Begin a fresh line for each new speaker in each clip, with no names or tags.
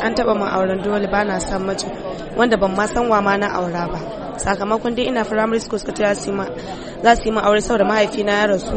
an taba min auren dole ba na san miji wanda ban ma san wa ma na aura ba sakamakon dai ina primary school suka ta ma za su yi ma aure saboda mahaifina ya rasu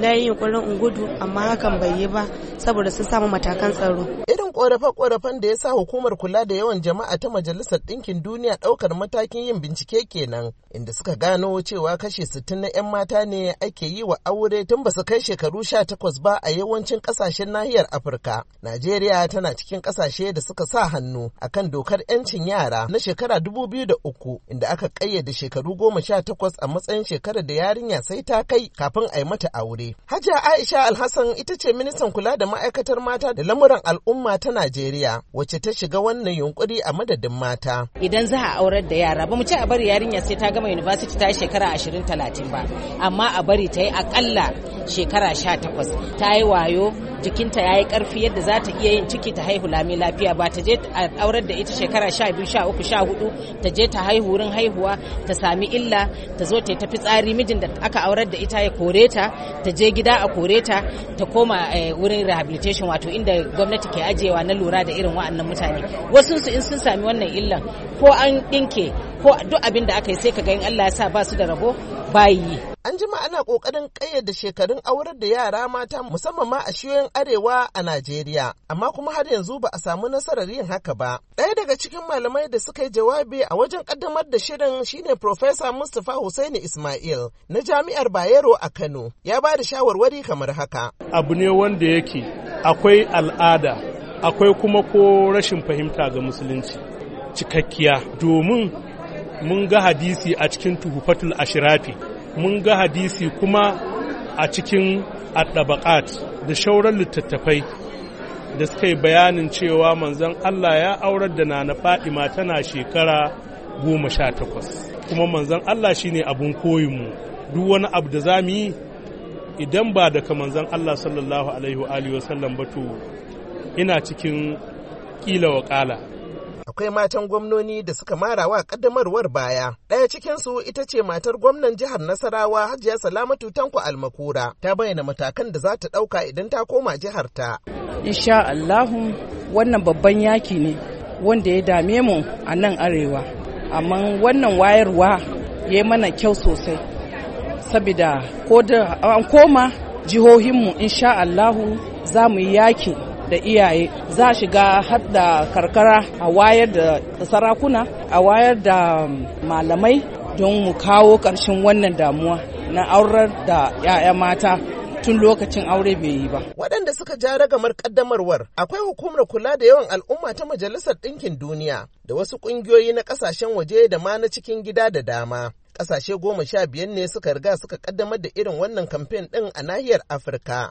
na yi yunkurin in gudu amma hakan bai yi ba saboda sun samu matakan tsaro. Irin korafe-korafen
da ya sa hukumar kula da yawan jama'a ta Majalisar Ɗinkin Duniya ɗaukar matakin yin bincike kenan inda suka gano cewa kashe sittin na 'yan mata ne ake yi wa aure tun ba su kai shekaru sha takwas ba a yawancin ƙasashen nahiyar Afirka. Najeriya tana cikin ƙasashe da suka sa hannu akan dokar 'yancin yara na shekara dubu biyu da uku inda aka ƙayyade shekaru goma sha takwas a matsayin shekarar da yarinya sai ta kai kafin a yi mata aure. yi. Hajiya Aisha Alhassan ita ce ministan kula da ma'aikatar mata da lamuran al'umma ta Najeriya wacce ta shiga wannan yunkuri a madadin mata.
Idan za a aurar da yara ba mu ce a bari yarinya sai ta gama university ta shekara ashirin talatin ba amma a bari ta yi akalla shekara sha takwas ta yi wayo jikinta ya yi karfi yadda za ta iya yin ciki ta haihu lami lafiya ba ta je a aurar da ita shekara sha biyu sha uku sha hudu ta je ta haihu wurin haihuwa ta sami illa ta zo ta tafi tsari mijin da aka aurar da ita ya kore ta ta je gida a kore ta ta koma eh, wurin rehabilitation wato inda gwamnati ke ajiyewa na lura da irin wa'annan mutane wasu su in sun sami wannan illan ko an dinke ko duk abin da aka yi sai ka ga in Allah ya sa ba su da rabo bayi
An jima ana ƙoƙarin ƙayyade shekarun aurar da yara mata musamman ma a shiyoyin arewa a Najeriya, amma kuma har yanzu ba a samu nasarar yin haka ba. Ɗaya daga cikin malamai da suka yi jawabi a wajen ƙaddamar da shirin shine Profesa Mustapha Hussaini Ismail na Jami'ar Bayero a Kano. Ya ba da shawarwari
kamar haka. Abu ne wanda yake akwai al'ada, akwai kuma ko rashin fahimta ga musulunci cikakkiya domin mun ga hadisi a cikin tuhufatul ashirafi mun ga hadisi kuma a cikin addabaƙat da shauran littattafai da suka yi bayanin cewa manzon Allah ya aurar da nana fadima tana shekara goma sha takwas kuma manzon Allah shine abun koyinmu duk wani abu da za mu yi idan ba daga manzon Allah sallallahu alaihi wa sallam ba to ina cikin ƙila wa
akwai matan gwamnoni da suka mara wa kaddamarwar baya. Ɗaya cikinsu ita ce matar gwamnan jihar Nasarawa Hajiya Salamatu Tanko Almakura ta bayyana matakan da za ta ɗauka idan ta koma jiharta.
Insha Allahu wannan babban yaki ne wanda ya dame mu a nan arewa. Amma wannan wayarwa ya mana kyau sosai. saboda ko da an koma jihohinmu insha Allahu za mu yi yaki da iyaye za a shiga har karkara a wayar da sarakuna a wayar da malamai don mu kawo ƙarshen wannan damuwa na aurar da 'ya'ya mata tun
lokacin aure bai yi ba. Waɗanda suka ja ragamar ƙaddamarwar akwai hukumar kula da yawan al'umma ta Majalisar Ɗinkin Duniya da wasu ƙungiyoyi na ƙasashen waje da ma na cikin gida da dama. Ƙasashe goma sha biyar ne suka riga suka ƙaddamar da irin wannan kamfen ɗin a nahiyar Afirka.